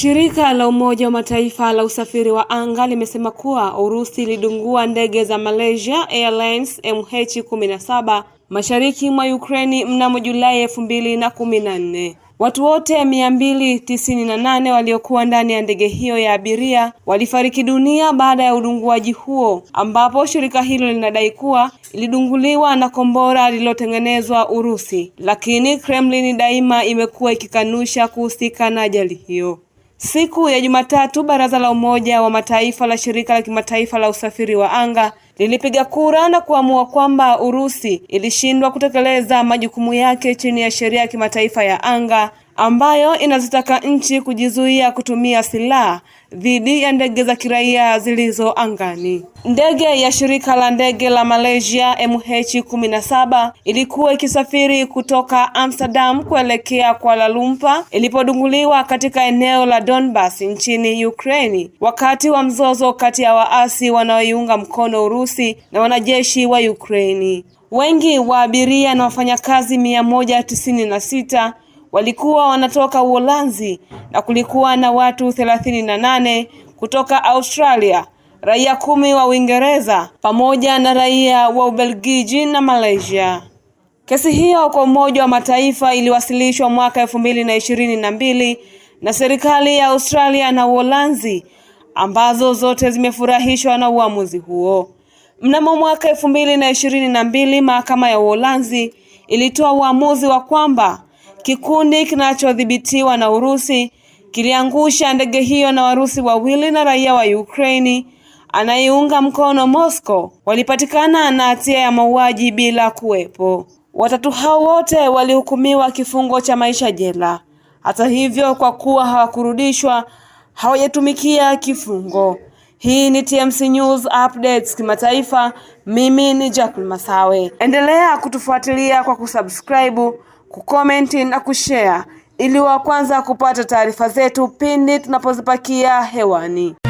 Shirika la Umoja wa Mataifa la usafiri wa anga limesema kuwa Urusi ilidungua ndege za Malaysia Airlines MH17 mashariki mwa Ukraine mnamo Julai elfu mbili na kumi na nne. Watu wote mia mbili tisini na nane waliokuwa ndani ya ndege hiyo ya abiria walifariki dunia baada ya udunguaji huo, ambapo shirika hilo linadai kuwa ilidunguliwa na kombora lililotengenezwa Urusi, lakini Kremlin daima imekuwa ikikanusha kuhusika na ajali hiyo. Siku ya Jumatatu, Baraza la Umoja wa Mataifa la Shirika la Kimataifa la Usafiri wa Anga lilipiga kura na kuamua kwamba Urusi ilishindwa kutekeleza majukumu yake chini ya sheria ya kimataifa ya anga ambayo inazitaka nchi kujizuia kutumia silaha dhidi ya ndege za kiraia zilizo angani. Ndege ya shirika la ndege la Malaysia MH17 ilikuwa ikisafiri kutoka Amsterdam kuelekea Kuala Lumpur ilipodunguliwa katika eneo la Donbas nchini Ukraine wakati wa mzozo kati ya waasi wanaoiunga mkono Urusi na wanajeshi wa Ukraine. Wengi wa abiria na wafanyakazi mia moja tisini na sita walikuwa wanatoka Uholanzi na kulikuwa na watu thelathini na nane kutoka Australia, raia kumi wa Uingereza pamoja na raia wa Ubelgiji na Malaysia. Kesi hiyo kwa Umoja wa Mataifa iliwasilishwa mwaka elfu mbili na ishirini na mbili na serikali ya Australia na Uholanzi ambazo zote zimefurahishwa na uamuzi huo. Mnamo mwaka elfu mbili na ishirini na mbili mahakama ya Uholanzi ilitoa uamuzi wa kwamba Kikundi kinachodhibitiwa na Urusi kiliangusha ndege hiyo na Warusi wawili na raia wa Ukraini anayeunga mkono Moscow walipatikana na hatia ya mauaji bila kuwepo. Watatu hao wote walihukumiwa kifungo cha maisha jela. Hata hivyo, kwa kuwa hawakurudishwa, hawajatumikia kifungo. Hii ni TMC News Updates kimataifa. Mimi ni Jacqueline Masawe. Endelea kutufuatilia kwa kusubscribe, kukomenti na kushare ili wa kwanza kupata taarifa zetu pindi tunapozipakia hewani.